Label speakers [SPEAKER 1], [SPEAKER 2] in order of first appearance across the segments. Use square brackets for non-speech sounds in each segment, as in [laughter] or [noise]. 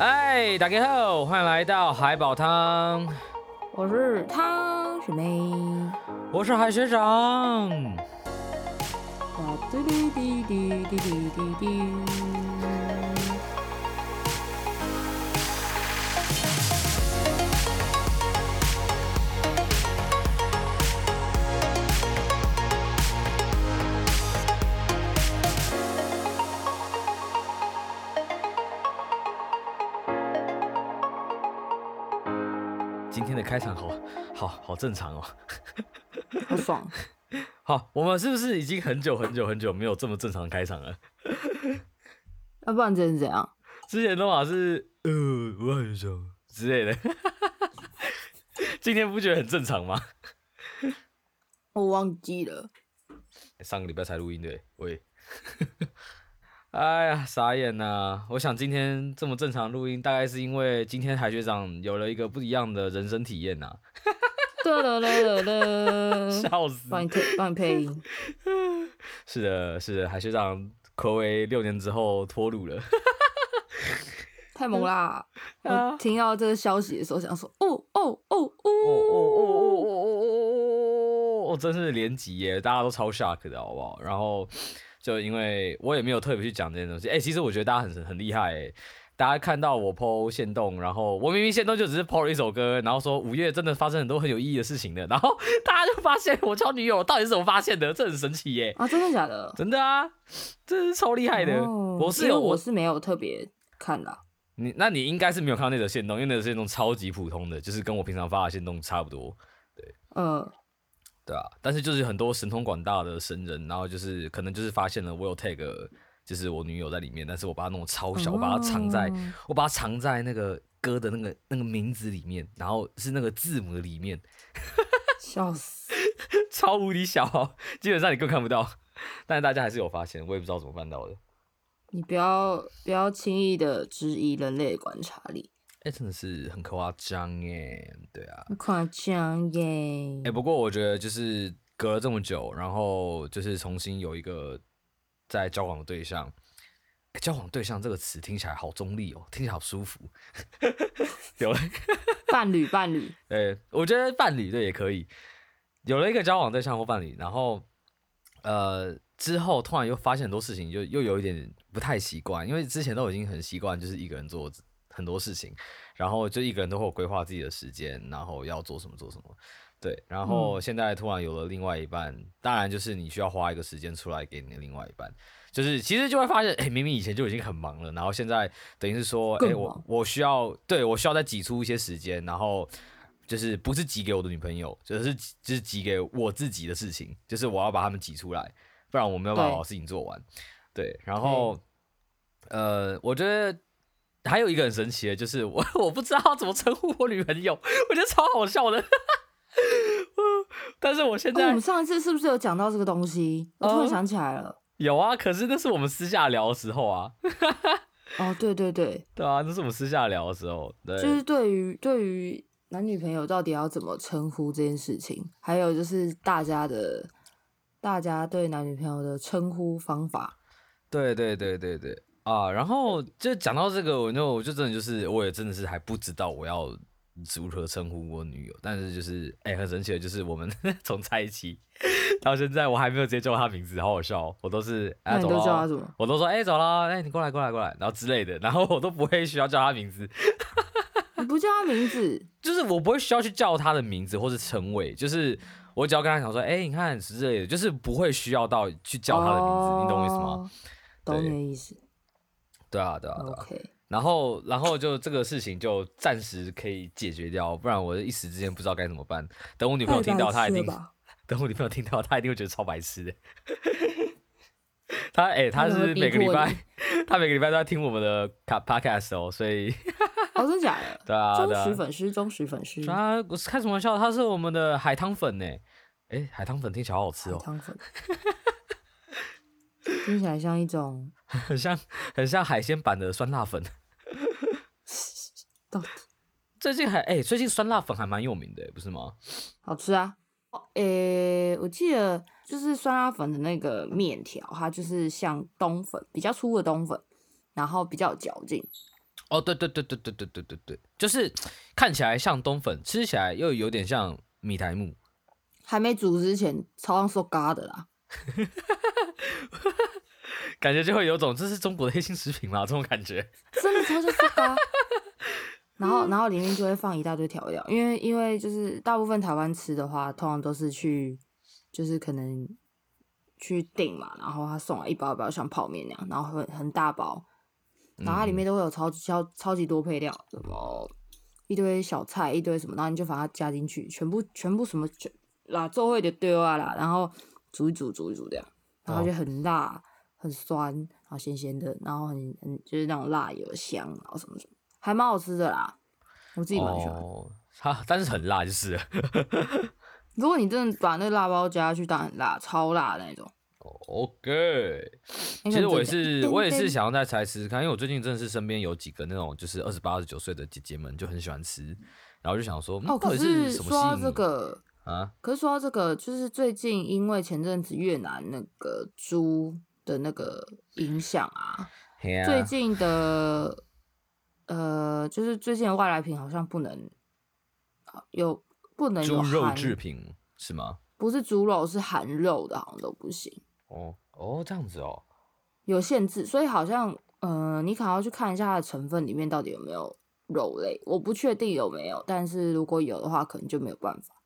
[SPEAKER 1] 哎，大家好，歡迎來到海寶湯。我是湯師妹，是妹，我是海學長。開場好好好正常哦， [laughs] 好爽。好，我們是不是已經很久很久很久沒有這麼正常的開場了？
[SPEAKER 2] [laughs] 啊，不然之前怎樣？
[SPEAKER 1] 之前的我是呃，我很兇之類的。 [laughs] 今天不覺得很正常嗎？
[SPEAKER 2] [laughs] 我忘記了。
[SPEAKER 1] 上個禮拜才錄音的。喂。 [laughs] 哎呀，傻眼吶！我想今天這麼正常錄音，大概是因為今天海學長有了一個不一樣的人生體驗吶。
[SPEAKER 2] 哈哈哈！笑，笑死！幫你配，幫你配音。
[SPEAKER 1] 是的，是的，海學長可謂六年之後脫魯了。
[SPEAKER 2] 哈哈哈！太猛啦！我聽到這個消息的時候，想說：哦哦哦哦哦哦哦哦哦哦哦哦哦
[SPEAKER 1] 哦哦哦！哦真是連級耶，大家都超 shark 的好不好？然後，就因為我也沒有特別去講這些東西，哎、欸，其實我覺得大家很很厲害、欸，大家看到我 Po 限動，然後我明明限動就只是 Po 了一首歌，然後說五月真的發生很多很有意義的事情的，然後大家就發現我交女友到底是怎麼發現的，這很神奇耶、欸！
[SPEAKER 2] 啊，真的假的？真的啊，這是超厲害的，後我是有我是沒有特別看的。你
[SPEAKER 1] 那你應該是沒有看到那個限動，因為那個限動超級普通的，就是跟我平常發的限動差不多，對，嗯、呃。對啊，但是就是很多神通廣大的神人，然後就是可能就是發現了我有 tag 就是我女友在裡面，但是我把它弄得超小，哦、我把它藏在，我把它藏在那個歌的那個那個名字裡面，然後是那個字母的裡面，
[SPEAKER 2] 笑,笑死，
[SPEAKER 1] 超無敵小、哦，基本上你更看不到，但是大家還是有發現，我也不知道怎麼辦到的。
[SPEAKER 2] 你不要不要輕易的質疑人類的觀察力。
[SPEAKER 1] 哎、欸，真的是很誇張耶！對啊，
[SPEAKER 2] 誇張耶！哎、
[SPEAKER 1] 欸，不過我覺得就是隔了這麼久，然後就是重新有一個在交往的對象。欸、交往對象這個詞聽起來好中立哦、喔，聽起來好舒服。 [laughs] 有了伴侶，伴侶。哎，我覺得伴侶對也可以。有了一個交往對象或伴侶，然後呃之後突然又發現很多事情，就又，又有一點，點不太習慣，因為之前都已經很習慣就是一個人坐着。很多事情，然後就一個人都會規劃自己的時間，然後要做什麼做什麼，對。然後現在突然有了另外一半，嗯、當然就是你需要花一個時間出來給你的另外一半，就是其實就會發現，哎，明明以前就已經很忙了，然後現在等於是說，更忙，哎，我我需要，對我需要再擠出一些時間，然後就是不是擠給我的女朋友，就是就是擠給我自己的事情，就是我要把他們擠出來，不然我沒有辦法把事情做完。對，對，然後、嗯、呃，我覺得。還有一個很神奇的，就是我我不知道怎麼稱呼我女朋友，我覺得超好笑的。
[SPEAKER 2] [laughs] 但是我現在，我們、哦、上一次是不是有講到這個東西？哦、我突然想起來了。
[SPEAKER 1] 有啊，可是那是我們私下聊的時候啊。
[SPEAKER 2] [laughs] 哦，對對對，對，
[SPEAKER 1] 對啊，那是我們私下聊的時候。對，就是
[SPEAKER 2] 對於對於男女朋友到底要怎麼稱呼這件事情，還有就是大家的大家對男女朋友的稱呼方法。對，
[SPEAKER 1] 對對對對對。啊，然後就講到這個，我就我就真的就是，我也真的是還不知道我要如何稱呼我女友。但是就是，哎、欸，很神奇的，就是我們從在一起到現在，我還沒有直接叫她名字，好好笑，我都是哎，怎麼了？我都說哎、欸，走啦，了？哎、欸，你過來，過來，過來，然後之類的，然後我都不會需要叫她名字。 [laughs] 你不叫他名字，就是我不會需要去叫她的名字或是稱謂，就是我只要跟她講說，哎、欸，你看，是這類的，就是不會需要到去叫她的名字，oh, 你懂我意思嗎？
[SPEAKER 2] 懂的意思。
[SPEAKER 1] 對啊對啊對啊。Okay. 然後然後就這個事情就暫時可以解決掉，不然我一時之間不知道該怎麼辦。等我女朋友聽到，她一定等我女朋友聽到，她一定會覺得超白痴的。 [laughs] 他哎、欸，他是每個禮拜，她每個禮拜都在聽我們的卡 podcast 哦，所以，
[SPEAKER 2] 好、 [laughs] 哦、真的假的對、啊？對啊，忠實粉絲，忠實粉絲。他、啊、我是開什麼玩笑？他是
[SPEAKER 1] 我們的海湯粉呢？哎，海湯粉聽起來好好吃哦。 [laughs]
[SPEAKER 2] 聽起來像一種
[SPEAKER 1] 很像很像海鮮版的酸辣粉。
[SPEAKER 2] 到底 [laughs] Don 't. 最近還哎、欸，最近酸辣粉還
[SPEAKER 1] 蠻有名的，不是嗎？
[SPEAKER 2] 好吃啊！哦，哎、欸，我記得就是酸辣粉的那個麵條，它就是像冬粉，比較粗的冬粉，然後比較有嚼勁。
[SPEAKER 1] 哦，對對對對對對對對對，就是看起來像冬粉，吃起來又有點像米苔目。
[SPEAKER 2] 還沒煮之前超像嗦嘎的啦。
[SPEAKER 1] [laughs] 感覺就會有種這是中國的黑心食品嘛這種感覺，
[SPEAKER 2] 真的， [laughs] 然後就是的，然後然後裡面就會放一大堆調料，因為、嗯、因為就是大部分台灣吃的話，通常都是去就是可能去訂嘛，然後他送來一包一包像泡麵那樣，然後很很大包，然後它裡面都會有超、嗯、超超級多配料，什麼一堆小菜，一堆什麼，然後你就把它加進去，全部全部什麼全，啦做會的丟啊啦，然後。煮一煮，煮一煮這樣，
[SPEAKER 1] 然後就很
[SPEAKER 2] 辣，很酸，然後鹹鹹的，然後很很就是那種辣油香，然後什麼什麼，還蠻好吃的啦，我自己蠻喜歡。
[SPEAKER 1] 它、哦、但是很辣就是了。
[SPEAKER 2] [laughs] 如果你真的把那個辣包加下去，當很辣，超辣的那種。
[SPEAKER 1] OK，其實我也是，欸、我也是想要再試試看看，欸欸、因為我最近真的是身邊有幾個那種就是二十八、二十九歲的姐姐們就很喜歡吃，然後就想說，哦，可是說這
[SPEAKER 2] 個。啊，可是說到這個，就是最近因為前陣子越南那個豬的那個影響啊，
[SPEAKER 1] 啊最
[SPEAKER 2] 近的呃，就是最近的外來品好像不能有、不能有肉製
[SPEAKER 1] 品是嗎？
[SPEAKER 2] 不是豬肉，是含肉的，好像都不行。哦哦，這樣子哦，有限制，所以好像呃，你可能要去看一下它的成分裡面到底有沒有肉類。我不確定有沒有，但是如果有的話，可能就沒有辦法。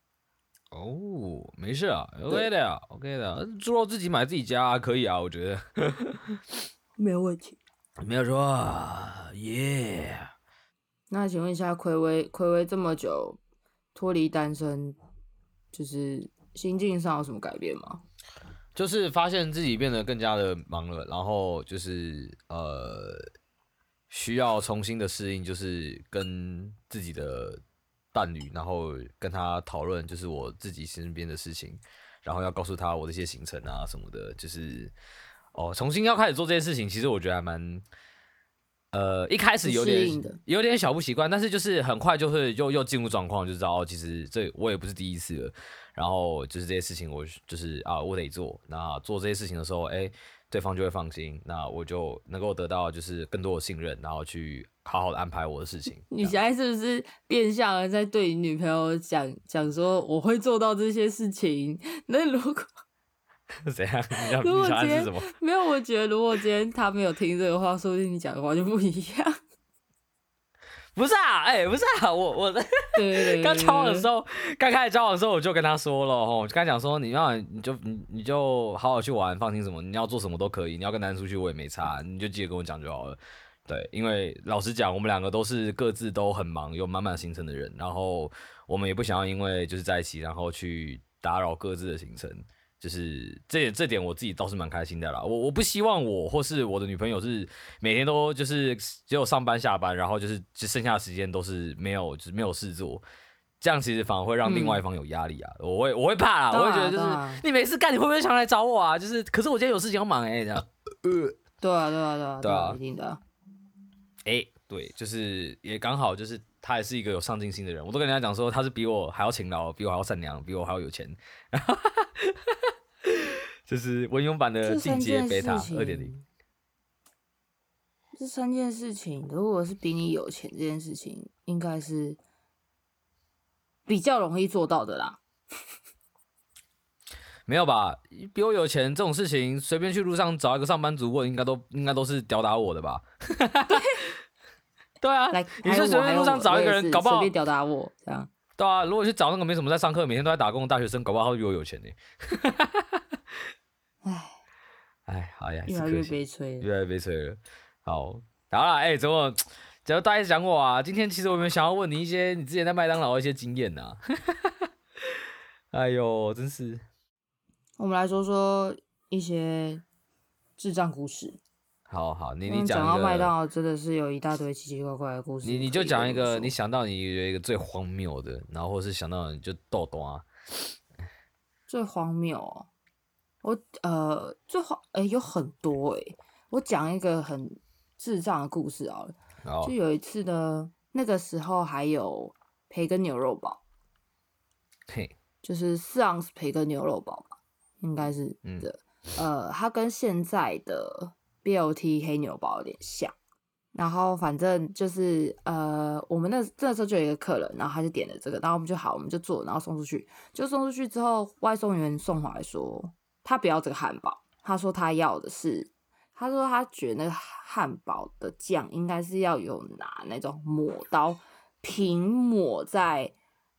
[SPEAKER 1] 哦，沒事啊對，OK 的呀 OK 的啊，豬肉自己買自己家、啊、可以啊，我覺得
[SPEAKER 2] [laughs] 沒有問題，
[SPEAKER 1] 沒有錯啊，耶、yeah。
[SPEAKER 2] 那請問一下，睽違睽違這麼久脫離單身，就是心境上有什麼改變嗎？
[SPEAKER 1] 就是發現自己變得更加的忙了，然後就是呃，需要重新的適應，就是跟自己的。伴侶，然後跟他討論，就是我自己身邊的事情，然後要告訴他我的一些行程啊什麼的，就是哦，重新要開始做這些事情，其實我覺得還蠻，呃，一開始有點有點小不習慣，但是就是很快就會又又進入狀況，就知道其實這我也不是第一次了，然後就是這些事情我就是啊，我得做，那做這些事情的時候，哎。對方就會放心，那我就能夠得到就是更多的信任，然後去好好的安排我的事情。
[SPEAKER 2] 你現在是不是變相的在對你女朋友講講說，我會做到這些事情？那如果
[SPEAKER 1] 這樣，你想 [laughs] 如果今天，
[SPEAKER 2] 沒有，我覺得如果今天他沒有聽這個話， [laughs] 說不定你講的話就不一樣。
[SPEAKER 1] 不是啊，哎、欸，不是啊，我我剛、嗯、 [laughs] 交往的時候，剛開始交往的時候，我就跟他說了，吼，就剛講說，你要你就你你就好好去玩，放心什麼，你要做什麼都可以，你要跟男生出去我也沒差，你就記得跟我講就好了，對，因為老實講，我們兩個都是各自都很忙有滿滿行程的人，然後我們也不想要因為就是在一起，然後去打擾各自的行程。就是這點這點我自己倒是蠻開心的啦。我我不希望我或是我的女朋友是每天都就是只有上班下班，然後就是只剩下時間都是沒有就是沒有事做。這樣其實反而會讓另外一方有壓力啊。嗯、我會我會怕啦，啊、我會覺得就是、啊啊、你沒事幹，你會不會想來找我啊？就是可是我今天有事情要忙哎、欸。這樣。
[SPEAKER 2] 對啊對啊對啊，對啊，對啊，對啊一定的。哎、
[SPEAKER 1] 欸，對，就是也剛好就是他也是一個有上進心的人。我都跟他講說他是比我還要勤勞，比我還要善良，比我還要有錢。 [laughs] 就是文勇版的進階貝塔二點零。
[SPEAKER 2] 這三件事情，如果是比你有錢，這件事情應該是比較容易做到的啦。
[SPEAKER 1] 沒有吧？比我有錢這種事情，隨便去路上找一個上班族過，我應該都應該都是吊打我的吧？
[SPEAKER 2] 對， [laughs] 對啊，like, 你是隨便路上找一個人，搞不好隨便吊打我這樣。
[SPEAKER 1] 對啊，如果去找那個沒什麼在上課，每天都在打工的大學生，搞不好他比我有錢呢、欸。 [laughs] 哎，好呀，越來越悲催，越來越悲催了。好，好啦，哎、欸，怎麼？只要大家講我啊，今天其實我們想要問你一些你之前在麥當勞的一些經驗哈、啊、 [laughs] 哎呦，
[SPEAKER 2] 真是。我們來說說一些智障故事。
[SPEAKER 1] 好好，你你講。講到麥當
[SPEAKER 2] 勞真的是有一大堆奇奇怪怪的故事你。你你就講一個，你
[SPEAKER 1] 想到你有一個最荒謬的，然後或者是想然後或者是想到你就逗逗
[SPEAKER 2] 啊。最荒謬、喔。我呃，最好誒有很多誒、欸，我講一個很智障的故事啊，oh. 就有一次呢，那個時候還有培根牛肉堡，
[SPEAKER 1] 培
[SPEAKER 2] Hey. 就是四盎司培根牛肉堡嘛，應該是的。嗯、呃，它跟現在的 BLT 黑牛堡有點像。然後反正就是呃，我們那那時候就有一個客人，然後他就點了這個，然後我們就好，我們就做，然後送出去。就送出去之後，外送員送回來說。他不要這個漢堡，他說他要的是，他說他覺得那個漢堡的醬應該是要有拿那種抹刀平抹在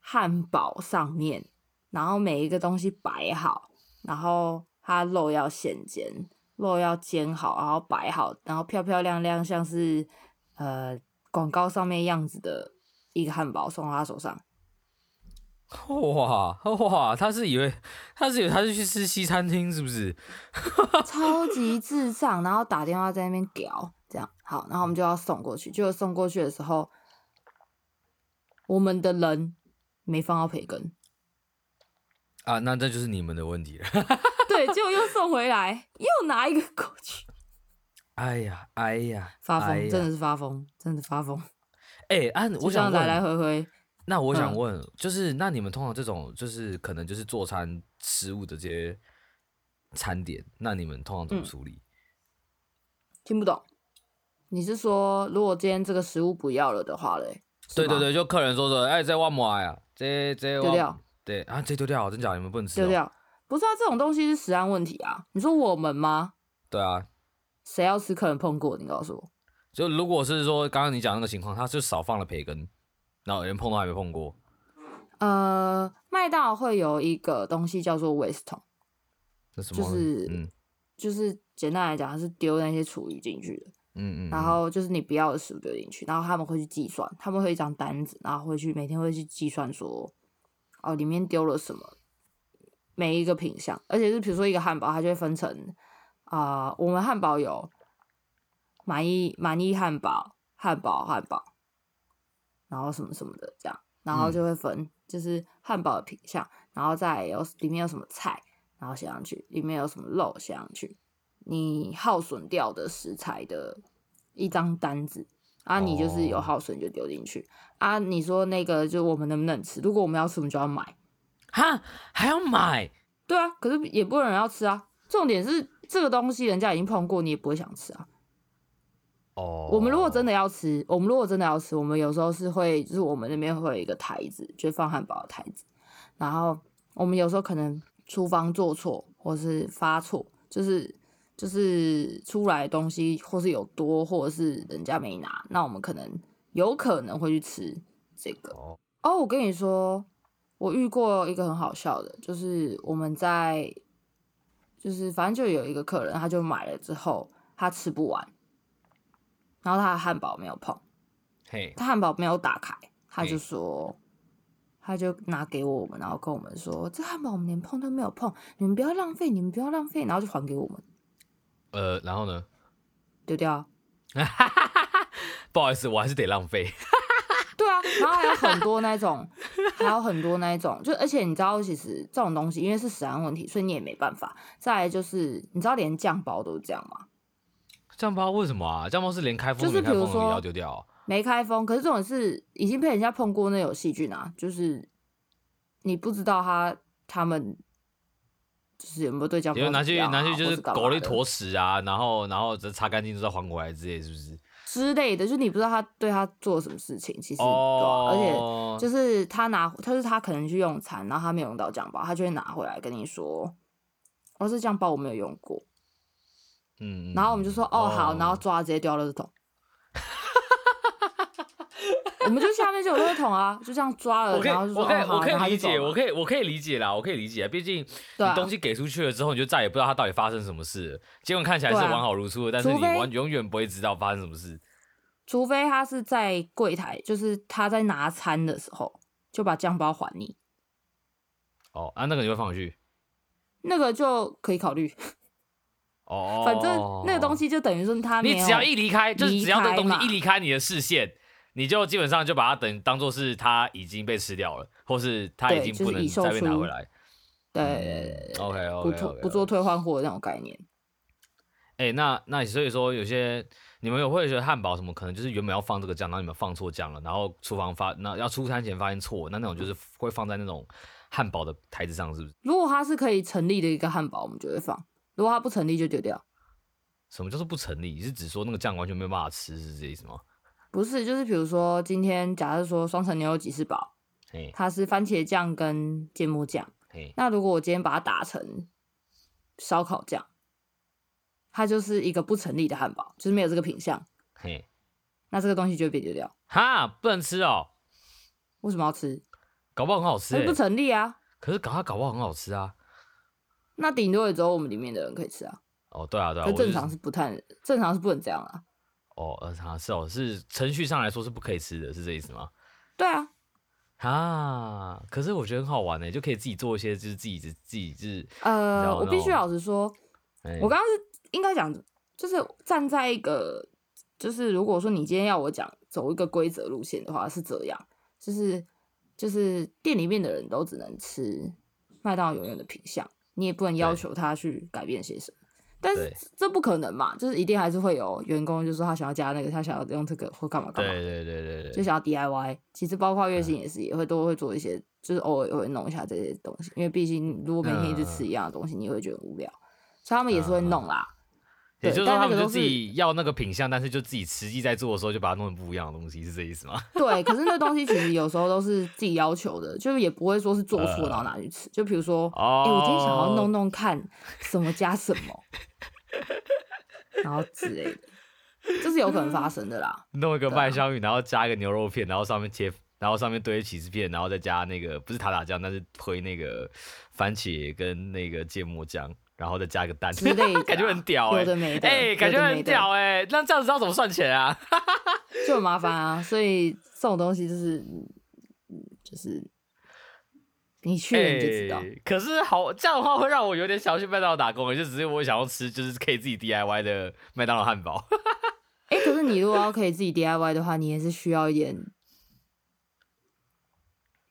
[SPEAKER 2] 漢堡上面，然後每一個東西擺好，然後他肉要現煎，肉要煎好，然後擺好，然後漂漂亮亮，像是呃廣告上面樣子的一個漢堡送到他手上。
[SPEAKER 1] 哇哇！他是以為他是以為他是去吃西餐廳，是不是？
[SPEAKER 2] [laughs] 超級智障，然後打電話在那邊屌。這樣好，然後我們就要送過去，結果送過去的時候，我們的人沒放到培根
[SPEAKER 1] 啊，那這就是你們的問題了。
[SPEAKER 2] [laughs] 對，結果又送回來，又拿一個過去。
[SPEAKER 1] 哎呀哎呀，發瘋，真的
[SPEAKER 2] 是發瘋，真的發瘋。哎、欸，按我想來來回回。
[SPEAKER 1] 那我想問，嗯、就是那你們通常這種就是可能就是做餐食物的這些餐點，那你們通常怎麼處理？嗯、
[SPEAKER 2] 聽不懂？你是說，如果今天這個食物不要了的話嘞？
[SPEAKER 1] 對對對，就客人說說，哎、欸，這忘抹呀，這這丟掉？對啊，這丟掉？真假？你們不能吃、哦？丟
[SPEAKER 2] 掉？不是啊，這種東西是食安問題啊。你說我們嗎？對啊，誰要吃？客人碰過？你告訴我。
[SPEAKER 1] 就如果是說剛剛你講那個情況，他就少放了培根。然後、哦、連碰都還沒碰過，
[SPEAKER 2] 呃，麥當勞會有一個東西叫做 waste 桶
[SPEAKER 1] 就是、嗯、
[SPEAKER 2] 就是簡單來講它是丟那些廚餘進去的，嗯,嗯嗯，然後就是你不要的食物丟進去，然後他們會去計算，他們會一張單子，然後會去每天會去計算說，哦，裡面丟了什麼，每一個品項。而且是比如說一個漢堡，它就會分成啊、呃，我們漢堡有滿意滿意漢堡，漢堡漢堡。然後什麼什麼的這樣，然後就會分，就是漢堡的品相，嗯、然後再有裡面有什麼菜，然後寫上去，裡面有什麼肉寫上去，你耗損掉的食材的一張單子啊，你就是有耗損就丟進去、哦、啊。你說那個就我們能不能吃？如果我們要吃，我們就要買，哈，還要買？對啊，可是也不會有人要吃啊。重點是這個東西人家已經碰過，你也不會想吃啊。哦，oh. 我們如果真的要吃，我們如果真的要吃，我們有時候是會，就是我們那邊會有一個台子，就放漢堡的台子。然後我們有時候可能廚房做錯，或是發錯，就是就是出來的東西，或是有多，或者是人家沒拿，那我們可能有可能會去吃這個。哦，oh. oh, 我跟你說，我遇過一個很好笑的，就是我們在，就是反正就有一個客人，他就買了之後，他吃不完。然後他的漢堡沒有碰
[SPEAKER 1] ，Hey.
[SPEAKER 2] 他漢堡沒有打開，他就說，Hey. 他就拿給我們，然後跟我們說，這漢堡我們連碰都沒有碰，你們不要浪費，你們不要浪費，然後就還給我們。
[SPEAKER 1] 呃，然後呢？
[SPEAKER 2] 丟掉。
[SPEAKER 1] [laughs] 不好意思，我還是得浪費。
[SPEAKER 2] [laughs] 對啊，然後還有很多那種，還有很多那種，就而且你知道，其實這種東西因為是食安問題，所以你也沒辦法。再來就是，你知道連醬包都這樣嗎？
[SPEAKER 1] 醬包為什麼啊？醬包是連開封就是比如說要丟掉，啊，
[SPEAKER 2] 沒開封，可是這種是已經被人家碰過那種細菌啊，就是你不知道他他們就是有沒有對醬包拿去拿去就是搞了一坨屎
[SPEAKER 1] 啊，然，然後然後只擦乾淨之後還回來之類，是不是
[SPEAKER 2] 之類的？就你不知道他對他做了什麼事情，其實哦對，而且就是他拿，他是他可能去用餐，然後他沒有用到醬包，他就會拿回來跟你說，哦，這醬包我沒有用過。嗯，然後我們就說，哦，好，oh. 然後抓直接丟了垃圾桶， [laughs] [laughs] 我們就下面就有垃圾桶啊，就這樣抓了，然後我可以，我可以理解，我可
[SPEAKER 1] 以，我可以理解啦，我可以理解，畢竟你東西給出去了之後，你就再也不知道它到底發生什麼事了，結果看起來是完好如初的，啊、但是你完永遠不會知道發生什麼事，
[SPEAKER 2] 除非他是在櫃檯，就是他在拿餐的時候就把醬包還你，哦
[SPEAKER 1] ，oh, 啊，那個你會放回去，
[SPEAKER 2] 那個就可以考慮。
[SPEAKER 1] 哦，oh, 反正那個
[SPEAKER 2] 東西就等於說他你只要一離開，就是只要這東西一
[SPEAKER 1] 離開你的視線，你就基本上就把它等當做是他已經被吃掉了，或是他已經不能再被拿回來。
[SPEAKER 2] 對、就是
[SPEAKER 1] ，OK OK OK，不做
[SPEAKER 2] 不做退換貨的那種概念。
[SPEAKER 1] 哎，那那所以說有些你們有會覺得漢堡什麼可能就是原本要放這個醬，然後你們放錯醬了，然後廚房發那要出餐前發現錯，那那種就是會放在那種漢堡的臺子上，是不是？
[SPEAKER 2] 如果它是可以成立的一個漢堡，我們就會放。如果它不成立，就丟掉。
[SPEAKER 1] 什麼叫做不成立？你是指說，那個醬完全沒有辦法吃，是這意思嗎？
[SPEAKER 2] 不是，就是比如說今天，假設說雙層牛肉吉士堡，嘿它是番茄醬跟芥末醬，嘿那如果我今天把它打成燒烤醬，它就是一個不成立的漢堡，就是沒有這個品相，嘿那這個東西就會被丟掉。
[SPEAKER 1] 哈，不能吃哦。
[SPEAKER 2] 為什麼要吃？
[SPEAKER 1] 搞不好很好吃。不成立啊。可是搞它搞不好很好吃啊。
[SPEAKER 2] 那頂多也只有我們裡面的人可以吃啊。
[SPEAKER 1] 哦，對啊，對啊，正常
[SPEAKER 2] 是不太、就是、正常是不能這樣啊。
[SPEAKER 1] 哦，呃，啊，是哦，是程序上來說是不可以吃的，是這意思嗎？對啊。啊，可是我覺得很好玩耶，就可以自己做一些，就是自己，自己就是。呃，我必須老實說，欸、我剛剛是
[SPEAKER 2] 應該講，就是站在一個，就是如果說你今天要我講走一個規則路線的話，是這樣，就是就是店裡面的人都只能吃麥當勞永遠的品項。你也不能要求他去改變些什麼，對但是這不可能嘛，就是一定還是會有員工，就是他想要加那個，他想要用這個或幹嘛幹嘛，對對對對對，就想要 DIY。其實包括月薪也是，也會都會做一些，嗯、就是偶爾會弄一下這些東西，因為畢竟如果每天一直吃一樣的東西，嗯、你也會覺得無聊，所以他們也是會弄啦。嗯對也就是說，他們就自己
[SPEAKER 1] 要那個品項對，但是就自己實際在做的時候，就把它弄成不一樣的東西，是這意思嗎？
[SPEAKER 2] 對，可是那東西其實有時候都是自己要求的， [laughs] 就是也不會說是做錯然後拿去吃。呃、就比如說、哦欸，我今天想要弄弄看什麼加什麼， [laughs] 然後之類的，這是有可能發生的啦。
[SPEAKER 1] 弄一個麥香魚，然後加一個牛肉片，然後上面切，然後上面堆一起司片，然後再加那個不是塔塔醬，那是推那個番茄跟那個芥末醬。然後再加一個蛋，之類的 [laughs] 感覺很屌哎，欸！欸、感覺很屌
[SPEAKER 2] 哎，欸！那這樣子要怎麼算錢啊？ [laughs] 就很麻煩啊！所以這種東西就是，就是你去你就知道。
[SPEAKER 1] 欸、可是好，這樣的話會讓我有點想要去麥當勞打工，欸，就只是我想要吃，就是可以自己 DIY 的麥當勞漢堡。
[SPEAKER 2] 哎，可是你如果要可以自己 DIY 的話，你也是需要一點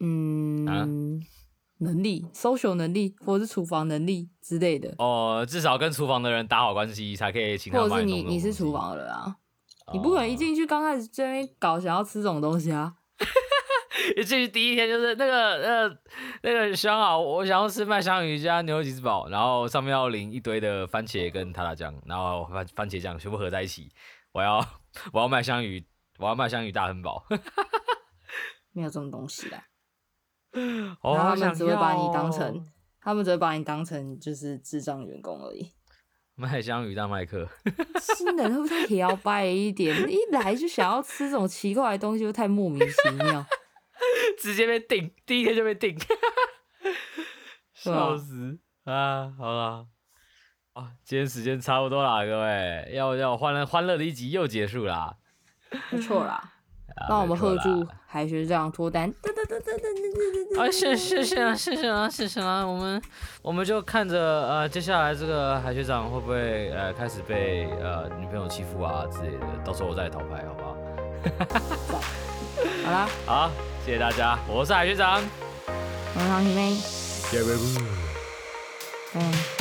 [SPEAKER 2] 嗯、啊，嗯。能力、social 能力，或者是廚房能力之類的。
[SPEAKER 1] 哦，至少跟廚房的人打好關係
[SPEAKER 2] 才可以請他。或者是你，你是廚房的人啊？哦、你不可能一進去剛開始就在那邊搞想要吃這種東西啊！
[SPEAKER 1] 一進去第一天就是那個呃、那個、那個想好，我想要吃麥香魚加牛吉士堡，然後上面要淋一堆的番茄跟塔塔醬，然後番茄醬全部合在一起，我要我要麥香魚，我要麥香魚大亨堡。
[SPEAKER 2] [laughs] 沒有這種東西的。他們只會把你當成，哦、他們只會把你當成就是智障員工而已。
[SPEAKER 1] 麥香魚大麥克，
[SPEAKER 2] [laughs] 新人會不會也要掰一點？一來就想要吃這種奇怪的東西，又太莫名其妙， [laughs] 直接被釘，第一天就被釘，笑，笑
[SPEAKER 1] 死吧啊！好了，啊，今天時間差不多啦，各位，要要就歡樂歡樂的一集又結束啦，不錯
[SPEAKER 2] 啦。 [laughs] 幫、啊、我們喝住海學長脫單，噔噔噔噔噔噔噔噔！啊，謝謝謝謝謝啦，謝謝啦、啊啊啊！我們
[SPEAKER 1] 我們就看着呃，接下來這個海學長會不會呃開始被呃女朋友欺負啊之類的？到時候我再來討拍，好不好？ [laughs] 好，好，啦好，謝謝大家，我是海學長，
[SPEAKER 2] 我們王一鳴
[SPEAKER 1] ，okay, baby. 嗯。